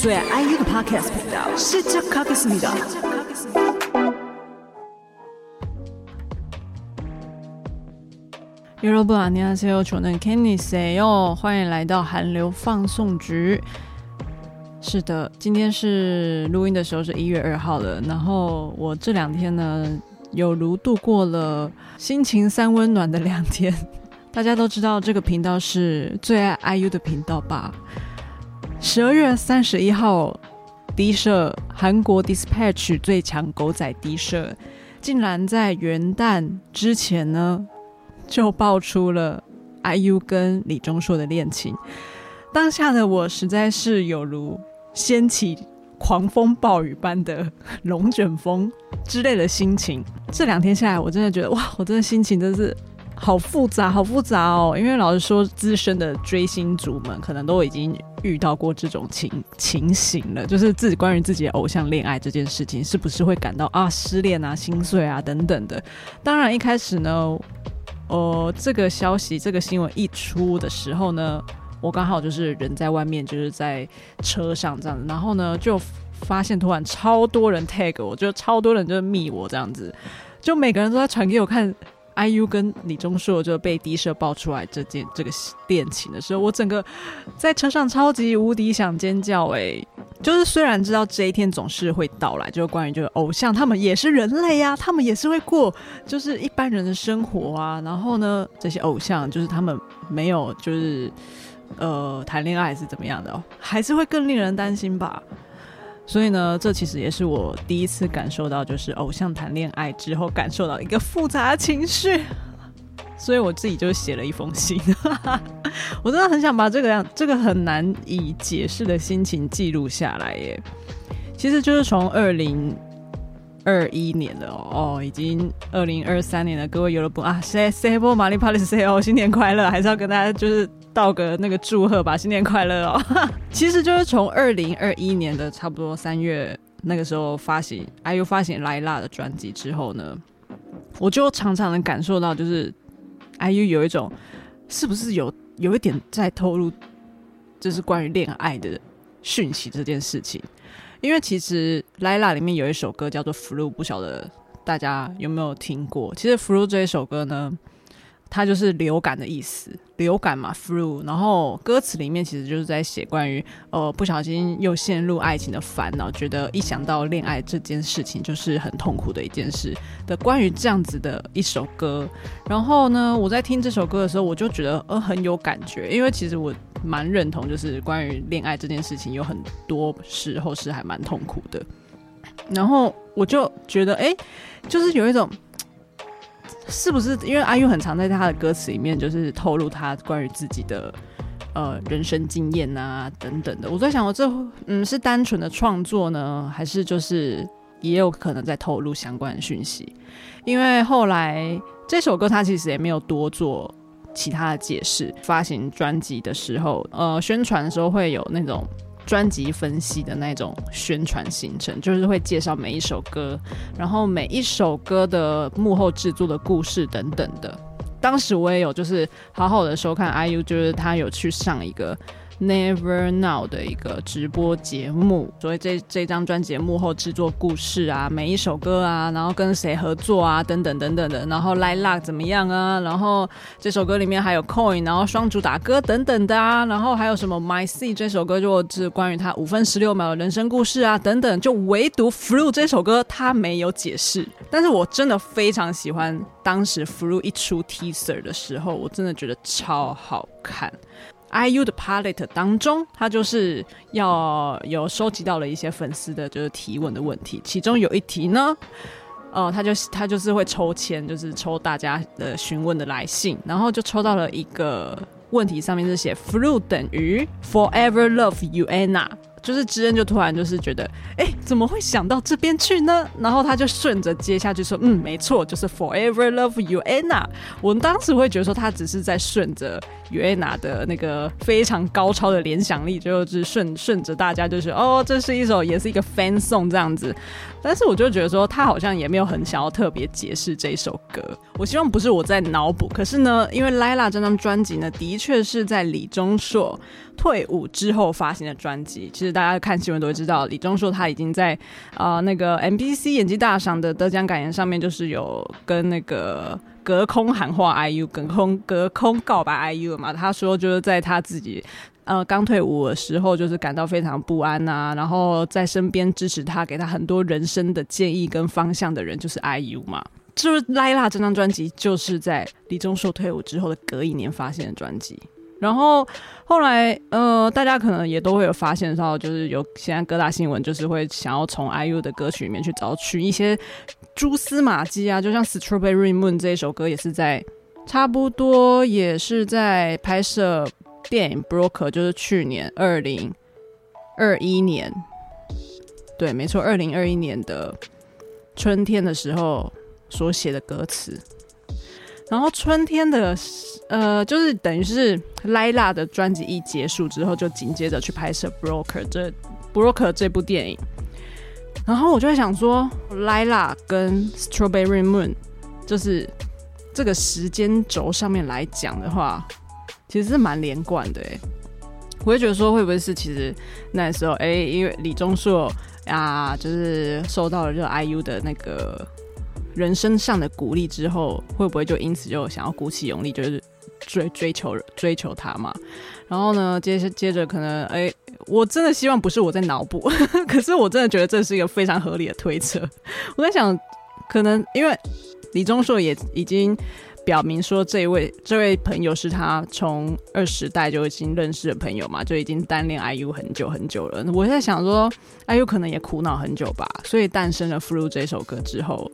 最愛 IU 的 Podcast，開始吧！歡迎來到韓流放送局。是的，今天是錄音的時候，是一月二號了。然後我這兩天呢，有如度過了心情三溫暖的兩天。大家都知道這個頻道是最愛 IU 的頻道吧？十二月三十一號，D 社韓國 Dispatch 最強狗仔 D 社，竟然在元旦之前呢，就爆出了 IU 跟李鍾碩的戀情。當下的我實在是有如掀起狂風暴雨般的龍捲風之類的心情。這兩天下來，我真的覺得哇，我真的心情真是。好複雜，好複雜哦！因為老實說，資深的追星族們可能都已經遇到過這種情情形了，就是自己關於自己的偶像戀愛這件事情，是不是會感到啊失戀啊、心碎啊，啊等等的？當然，一開始呢，呃，這個消息、這個新聞一出的時候呢，我剛好就是人在外面，就是在車上這樣子，然後呢，就發現突然超多人 tag 我，就超多人就是密我這樣子，就每個人都在傳給我看。IU 跟李鍾碩就被 Dispatch 爆出來這件這個戀情的時候，我整個在車上超級無敵想尖叫哎、欸！就是雖然知道這一天總是會到來，就是關於就是偶像他們也是人類呀、啊，他們也是會過就是一般人的生活啊。然後呢，這些偶像就是他們沒有就是呃談戀愛是怎麼樣的、喔，還是會更令人擔心吧？所以呢，這其實也是我第一次感受到，就是偶像談戀愛之後感受到一個複雜情緒。所以我自己就寫了一封信，呵呵，我真的很想把這個樣，這個很難以解釋的心情記錄下來耶。其實就是從二零二一年了哦，已經二零二三年了，各位有了不，啊，say say 波瑪麗帕利 say 哦，新年快樂！還是要跟大家就是。道哥，個那個祝賀吧，新年快樂哦！ 其實就是從二零二一年的差不多三月那個時候發行 IU 發行 LILAC 的專輯之後呢，我就常常能感受到，就是 IU 有一種是不是有有一點在透露，就是關於戀愛的訊息這件事情。因為其實 LILAC 裡面有一首歌叫做《Flu》不曉得大家有沒有聽過？其實《Flu》這一首歌呢。它就是流感的意思，流感嘛，flu，然後歌詞裡面其實就是在寫關於呃不小心又陷入愛情的煩惱，覺得一想到戀愛這件事情就是很痛苦的一件事的關於這樣子的一首歌。然後呢，我在聽這首歌的時候，我就覺得呃很有感覺，因為其實我蠻認同就是關於戀愛這件事情有很多時候是還蠻痛苦的。然後我就覺得哎，就是有一種。是不是因為阿 U 很常在他的歌詞裡面，就是透露他關於自己的呃人生經驗啊等等的？我在想，我這嗯是單純的創作呢，還是就是也有可能在透露相關訊息？因為後來這首歌他其實也沒有多做其他的解釋，發行專輯的時候呃宣傳的時候會有那種。專輯分析的那種宣傳行程，就是會介紹每一首歌，然後每一首歌的幕後制作的故事等等的。當時我也有就是好好的收看 IU，就是她有去上一個。Never Now 的一個直播節目，所以這這張專輯幕後製作故事啊，每一首歌啊，然後跟誰合作啊，等等等等的，然後 Lilac 怎麼樣啊，然後這首歌裡面還有 Coin，然後雙主打歌等等的啊，然後還有什麼 My Sea 這首歌就是關於他五分十六秒的人生故事啊，等等，就唯獨 Flu 這首歌他沒有解釋，但是我真的非常喜歡當時 Flu 一出 teaser 的時候，我真的覺得超好看。I U 的 Palette 當中，他就是要有收集到了一些粉絲的就是提問的問題，其中有一題呢，呃，他就他就是會抽籤，就是抽大家的詢問的來信，然後就抽到了一個問題，上面是寫 “Flu 等於 Forever Love Uaena”。就是知恩就突然就是覺得，哎、欸，怎麼會想到這邊去呢？然後他就順着接下去說，嗯，沒錯，就是 Forever love Uaena。我們當時會覺得說，他只是在順着 Uaena 的那個非常高超的聯想力，就是順順着大家就是，哦，這是一首也是一個 fan song 這樣子。但是我就覺得說，他好像也沒有很想要特別解釋這一首歌。我希望不是我在腦補，可是呢，因為 Lilac 這張專輯呢，的確是在李鍾碩。退伍之後發行的專輯，其實大家看新聞都會知道，李鍾碩他已經在啊、呃、那個 MBC 演技大賞的得獎感言上面，就是有跟那個隔空喊話 IU，隔空隔空告白 IU 嘛。他說就是在他自己呃剛退伍的時候，就是感到非常不安吶、啊，然後在身邊支持他、給他很多人生的建議跟方向的人就是 IU 嘛。就是 LILAC 這張專輯就是在李鍾碩退伍之後的隔一年發行的專輯。然後後來，呃，大家可能也都會有發現到，就是有現在各大新聞就是會想要從 IU 的歌曲裡面去找取一些蛛絲馬跡啊，就像《Strawberry Moon》這一首歌也是在差不多也是在拍攝電影《Broker》，就是去年二零二一年，對，沒錯，二零二一年的春天的時候所寫的歌詞，然後春天的。呃，就是等於是 Lilac 的專輯一結束之後，就緊接着去拍攝《Broker》這《Broker》這部電影，然後我就在想說 Lilac 跟 Strawberry Moon，就是這個時間軸上面來講的話，其實是蠻連貫的、欸。我會覺得說，會不會是其實那時候，哎、欸，因為李鍾碩啊，就是收到了這 IU 的那個。人生上的鼓勵之後，會不會就因此就想要鼓起勇氣，就是追追求追求他嘛？然後呢，接接着可能哎、欸，我真的希望不是我在腦補，可是我真的覺得這是一個非常合理的推測。我在想，可能因為李鍾碩也已經表明說，這位這位朋友是他從二十代就已經認識的朋友嘛，就已經單戀 IU 很久很久了。我在想說，IU 可能也苦惱很久吧，所以誕生了《Flu》這首歌之後。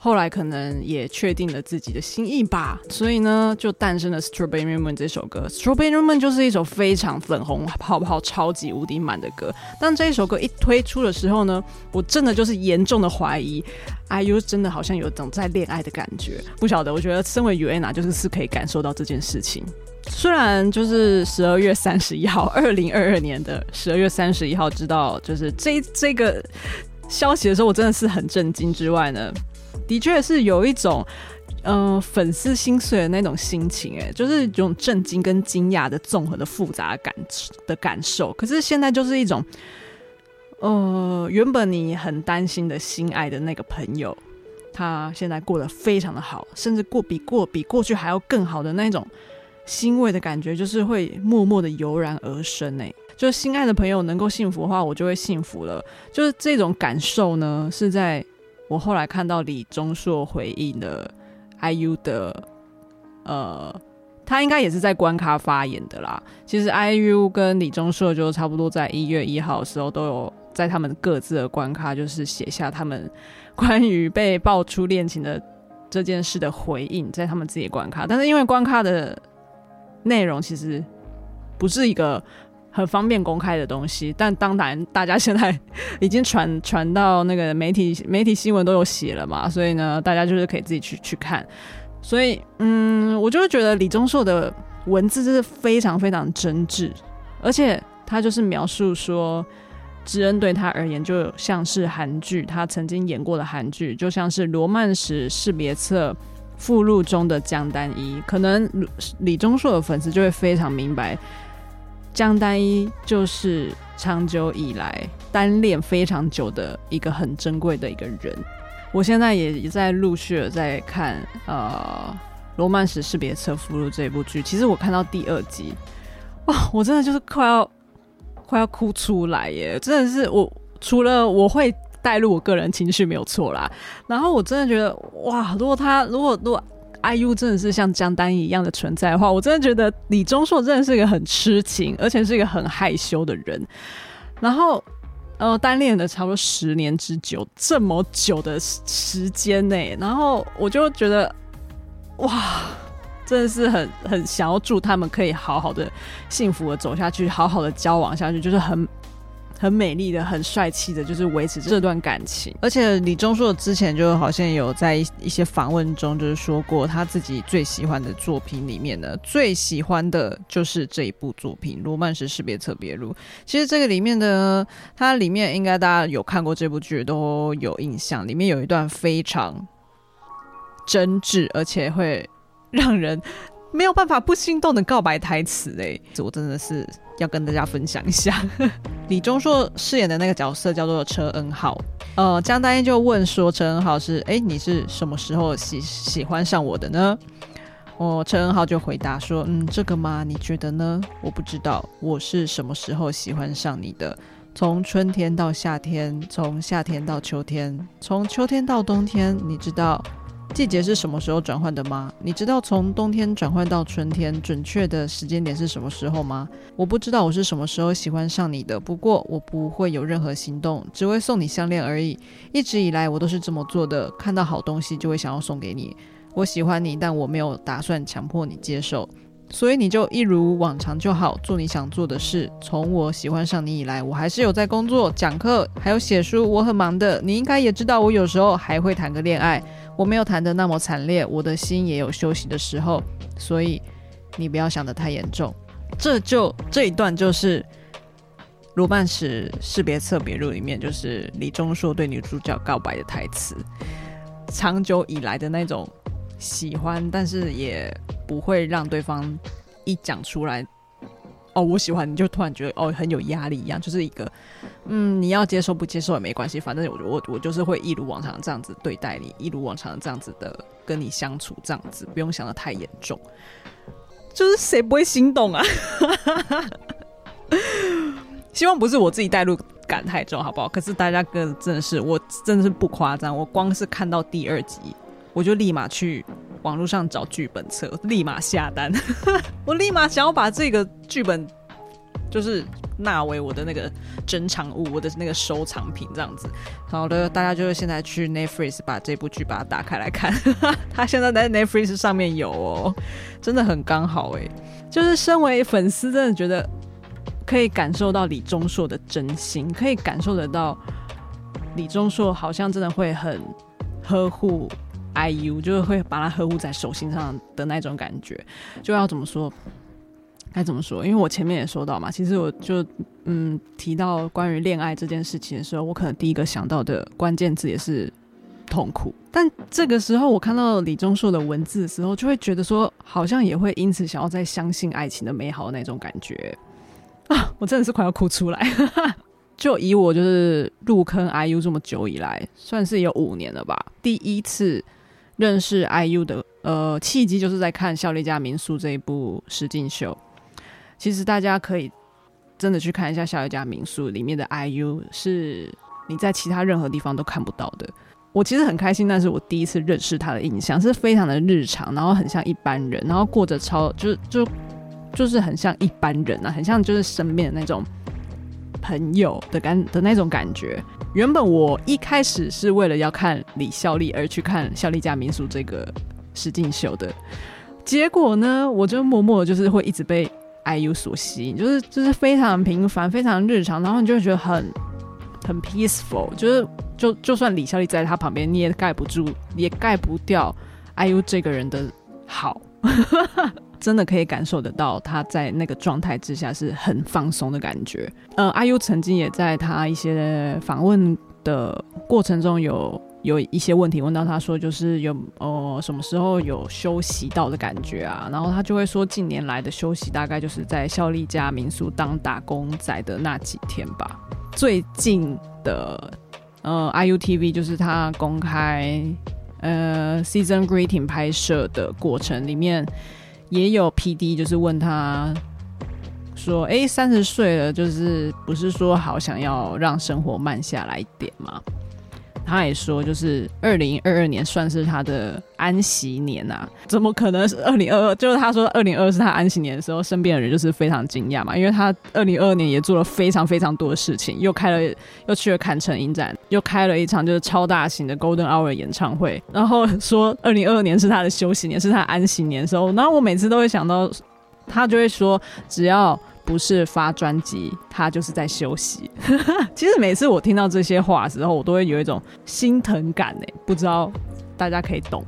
後來可能也確定了自己的心意吧，所以呢，就誕生了《Strawberry Moon》這首歌。《Strawberry Moon》就是一首非常粉紅、泡泡，超級無敵滿的歌。當這一首歌一推出的時候呢，我真的就是嚴重的懷疑，IU 真的好像有種在戀愛的感覺。不曉得，我覺得身為 Uaena，就是是可以感受到這件事情。雖然就是十二月三十一號，二零二二年的十二月三十一號，知道就是這這個消息的時候，我真的是很震驚之外呢，的確是有一種，嗯、呃，粉絲心碎的那種心情，哎，就是一種震驚跟驚訝的綜合的複雜的感的感受。可是現在就是一種，呃，原本你很擔心的心愛的那個朋友，他現在過得非常的好，甚至過比過比過去還要更好的那種欣慰的感覺，就是會默默的油然而生呢。就是心愛的朋友能夠幸福的話，我就會幸福了。就是這種感受呢，是在。我後來看到李鍾碩回應了 IU 的，呃，他應該也是在官咖發言的啦。其實 IU 跟李鍾碩就差不多，在一月一號的時候都有在他們各自的官咖，就是寫下他們關於被爆出戀情的這件事的回應，在他們自己的官咖。但是因為官咖的內容其實不是一個。很方便公開的東西，但當然大家現在已經傳傳到那個媒體媒體新聞都有寫了嘛，所以呢，大家就是可以自己去去看。所以，嗯，我就是覺得李鍾碩的文字是非常非常真摯，而且他就是描述說知恩對他而言就像是韓劇他曾經演過的韓劇，就像是《羅曼史是別冊》附錄中的薑丹依，可能李鍾碩的粉絲就會非常明白。姜丹依就是長久以來單戀非常久的一個很珍貴的一個人，我現在也在陸續的在看《呃羅曼史是別冊附錄》這部劇。其實我看到第二集，哇，我真的就是快要快要哭出來耶！真的是我除了我會帶入我個人情緒沒有錯啦。然後我真的覺得哇，如果他如果如果……如果哎呦，IU 真的是像姜丹依樣的存在的話，我真的覺得李鍾碩真的是一個很痴情，而且是一個很害羞的人。然後，呃，單戀了差不多十年之久，這麼久的時間呢、欸，然後我就覺得，哇，真的是很很想要祝他們可以好好的幸福的走下去，好好的交往下去，就是很。很美麗的，很帥氣的，就是維持這段感情。而且李鍾碩之前就好像有在一些訪問中，就是說過他自己最喜歡的作品裡面呢，最喜歡的就是這一部作品《羅曼史是別冊附錄》。其實這個裡面的，它裡面應該大家有看過這部劇都有印象，裡面有一段非常真摯，而且會讓人。沒有辦法不心動的告白台詞欸，這我真的是要跟大家分享一下， 李鍾碩飾演的那個角色叫做車恩浩。呃，姜丹依就問說：“車恩浩是誒，你是什麼時候喜喜歡上我的呢？”哦，車恩浩就回答說：“嗯，這個嗎？你覺得呢？我不知道我是什麼時候喜歡上你的。從春天到夏天，從夏天到秋天，從秋天到冬天，你知道。”季節是什麼時候轉換的嗎？你知道從冬天轉換到春天準確的時間點是什麼時候嗎？我不知道我是什麼時候喜歡上你的，不過我不會有任何行動，只會送你項鏈而已。一直以來我都是這麼做的，看到好東西就會想要送給你。我喜歡你，但我沒有打算強迫你接受。所以你就一如往常就好，做你想做的事。從我喜歡上你以來，我還是有在工作、講課，還有寫書，我很忙的。你應該也知道，我有時候還會談個戀愛，我沒有談的那麼慘烈，我的心也有休息的時候。所以你不要想的太嚴重。這就這一段就是《羅曼史是別冊附錄》裡面，就是李鍾碩對女主角告白的台詞，長久以來的那種。喜歡，但是也不會讓對方一講出來，哦，我喜歡你就突然覺得哦，很有壓力一樣，就是一個，嗯，你要接受不接受也沒關係，反正我我我就是會一如往常這樣子對待你，一如往常這樣子的跟你相處，這樣子不用想的太嚴重，就是誰不會心動啊？ 希望不是我自己代入感太重好不好？可是大家真的是我真的是不誇張，我光是看到第二集。我就立馬去網絡上找劇本冊，立馬下單。 我立馬想要把這個劇本，就是納為我的那個珍藏物，我的那個收藏品，這樣子。好的，大家就是現在去 Netflix 把這部劇把它打開來看。它 現在在 Netflix 上面有哦，真的很剛好哎。就是身為粉絲，真的覺得可以感受到李鍾碩的真心，可以感受得到李鍾碩好像真的會很呵護。I U 就是會把它呵護在手心上的那種感覺，就要怎麼說？該怎麼說？因為我前面也說到嘛，其實我就嗯提到關於戀愛這件事情的時候，我可能第一個想到的關鍵詞也是痛苦。但這個時候我看到李鍾碩的文字的時候，就會覺得說，好像也會因此想要再相信愛情的美好的那種感覺啊！我真的是快要哭出來。 就以我就是入坑 I U 這麼久以來，算是有五年了吧，第一次。認識 IU 的呃契機就是在看《孝利家民宿》這一部實境秀。其實大家可以真的去看一下《孝利家民宿》裡面的 IU，是你在其他任何地方都看不到的。我其實很開心，那是我第一次認識他的印象，是非常的日常，然後很像一般人，然後過着超就是就就是很像一般人啊，很像就是身邊的那種。朋友的感的那種感覺，原本我一開始是為了要看李孝利而去看《孝利家民宿》這個實境秀的，結果呢，我就默默就是會一直被 IU 所吸引，就是就是非常平凡、非常日常，然後你就覺得很很 peaceful，就是就就算李孝利在他旁邊，你也蓋不住，也蓋不掉 IU 這個人的好。 真的可以感受得到，他在那個狀態之下是很放鬆的感覺。呃，IU 曾經也在他一些訪問的過程中有有一些問題問到他說，就是有呃什麼時候有休息到的感覺啊？然後他就會說，近年來的休息大概就是在孝利家民宿當打工仔的那幾天吧。最近的呃，IUTV 就是他公開呃 season greeting 拍攝的過程裡面。也有 PD 就是問他說：“哎、欸，三十歲了，就是不是說好想要讓生活慢下來一點嗎？”他也說，就是二零二二年算是他的安息年呐、啊，怎麼可能是二零二二？就是他說二零二二是他安息年的時候，身邊的人就是非常驚訝嘛，因為他二零二二年也做了非常非常多的事情，又開了，又去了坎城影展，又開了一場就是超大型的 Golden Hour 演唱會，然後說二零二二年是他的休息年，是他的安息年的時候，然後我每次都會想到，他就會說，只要。不是發專輯，他就是在休息。 其實每次我聽到這些話的時候，我都會有一種心疼感哎、欸，不知道大家可以懂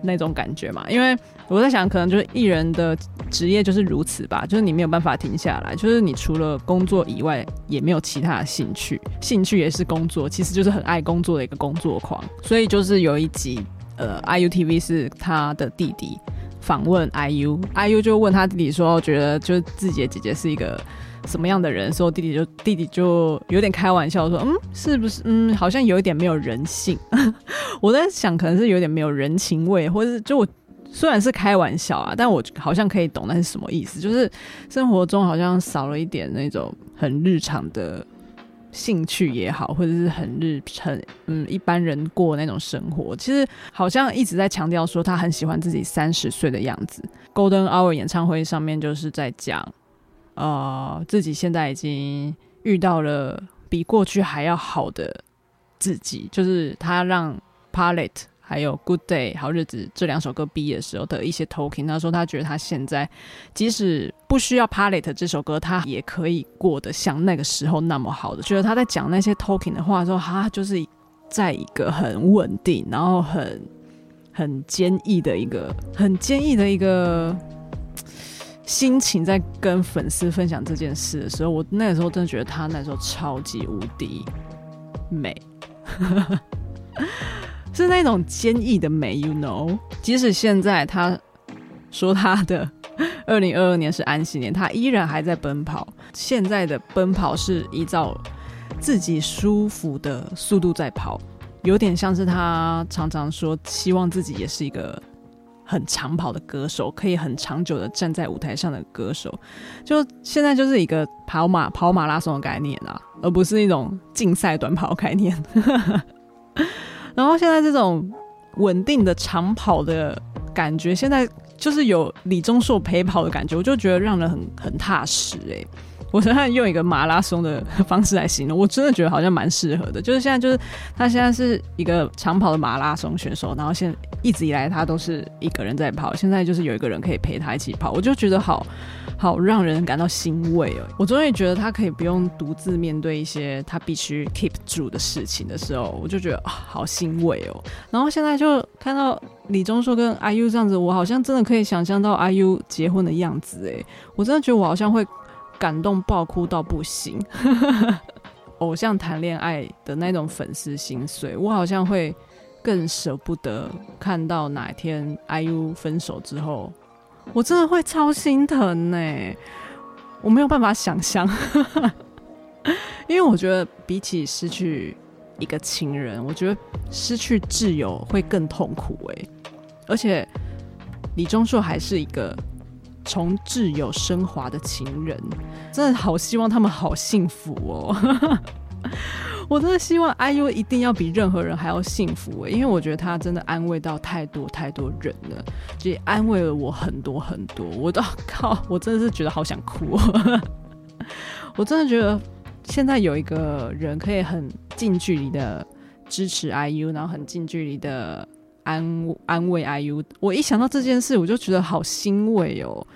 那種感覺嗎？因為我在想，可能就是藝人的職業就是如此吧，就是你沒有辦法停下來，就是你除了工作以外也沒有其他的興趣，興趣也是工作，其實就是很愛工作的一個工作狂。所以就是有一集，呃，IUTV 是他的弟弟。訪問 IU，IU 就問他弟弟說：“我覺得就是自己的姐姐是一個什麼樣的人。”所以弟弟就弟弟就有點開玩笑說：“嗯，是不是？嗯，好像有一點沒有人性。 ”我在想，可能是有點沒有人情味，或是就我雖然是開玩笑啊，但我好像可以懂那是什麼意思，就是生活中好像少了一點那種很日常的。興趣也好，或者是很日很嗯一般人過那種生活，其實好像一直在強調說他很喜歡自己三十歲的樣子。Golden Hour 演唱會上面就是在講，呃，自己現在已經遇到了比過去還要好的自己，就是他讓 Palette 還有《Good Day》好日子這兩首歌，畢業的時候的一些 talking，他說他覺得他現在即使不需要《Palette》這首歌，他也可以過得像那個時候那麼好的。覺得他在講那些 talking 的話的時候，他就是在一個很穩定，然後很很堅毅的一個很堅毅的一個心情，在跟粉絲分享這件事的時候，我那個時候真的覺得他那時候超級無敵美。 是那種堅毅的美，you know。即使現在他說他的二零二二年是安息年，他依然還在奔跑。現在的奔跑是依照自己舒服的速度在跑，有點像是他常常說希望自己也是一個很長跑的歌手，可以很長久的站在舞台上的歌手。就現在就是一個跑馬、跑馬拉松的概念啊，而不是那種競賽短跑的概念。 然後現在這種穩定的長跑的感覺，現在就是有李鍾碩陪跑的感覺，我就覺得讓人很很踏實哎、欸。我覺得用一個馬拉松的方式來形容，我真的覺得好像蠻適合的。就是現在，就是他現在是一個長跑的馬拉松選手，然後現在一直以來他都是一個人在跑，現在就是有一個人可以陪他一起跑，我就覺得好好讓人感到欣慰哦。我終於覺得他可以不用獨自面對一些他必須 keep 住的事情的時候，我就覺得，啊，好欣慰哦。然後現在就看到李鐘碩跟 IU 這樣子，我好像真的可以想象到 IU 結婚的樣子哎，我真的覺得我好像會。感動爆哭到不行， 偶像談戀愛的那種粉絲心碎，我好像會更捨不得看到哪一天 IU 分手之後，我真的會超心疼呢，我沒有辦法想象， 因為我覺得比起失去一個情人，我覺得失去摯友會更痛苦欸，而且李鍾碩還是一個。從摯友昇華的情人，真的好希望他們好幸福哦！ 我真的希望 IU 一定要比任何人還要幸福，因為我覺得他真的安慰到太多太多人了，就也安慰了我很多很多。我都，靠，我真的是覺得好想哭哦。 我真的覺得現在有一個人可以很近距離的支持 IU，然後很近距離的。安安慰 IU，我一想到這件事，我就覺得好欣慰哦、喔。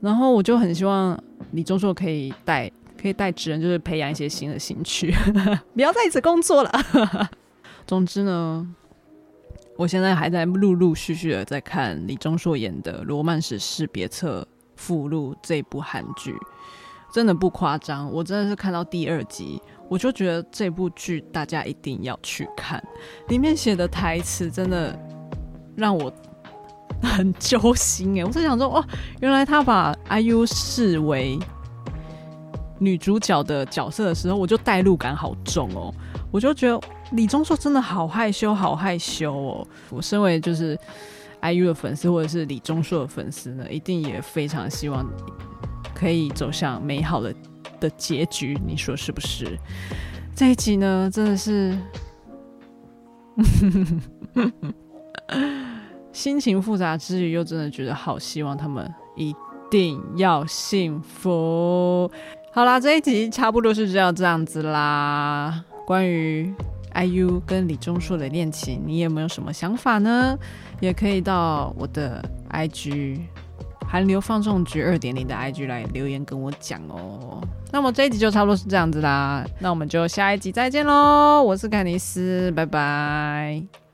然後我就很希望李鍾碩可以帶可以帶知恩，就是培養一些新的興趣， 不要再一直工作了。 總之呢，我現在還在陸陸續續的在看李鍾碩演的《羅曼史是別冊附錄》這部韓劇，真的不誇張，我真的是看到第二集。我就覺得這部劇大家一定要去看，裡面寫的台詞真的讓我很揪心哎、欸！我在想說，哦，原來他把 IU 視為女主角的角色的時候，我就帶入感好重哦、喔！我就覺得李鍾碩真的好害羞，好害羞哦、喔！我身為就是 IU 的粉絲，或者是李鍾碩的粉絲呢，一定也非常希望可以走向美好的。的結局，你說是不是？這一集呢，真的是 心情複雜之餘，又真的覺得好希望他們一定要幸福。好啦，這一集差不多是就要這樣子啦。關於 IU 跟李鍾碩的戀情，你有沒有什麼想法呢？也可以到我的 IG。韓流放送局二點零的 IG 來留言跟我講哦。那麼這一集就差不多是這樣子啦，那我們就下一集再見嘍。我是凱尼斯，拜拜。